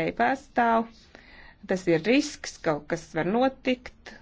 iespēja pastāv, tas ir risks, kaut kas var notikt,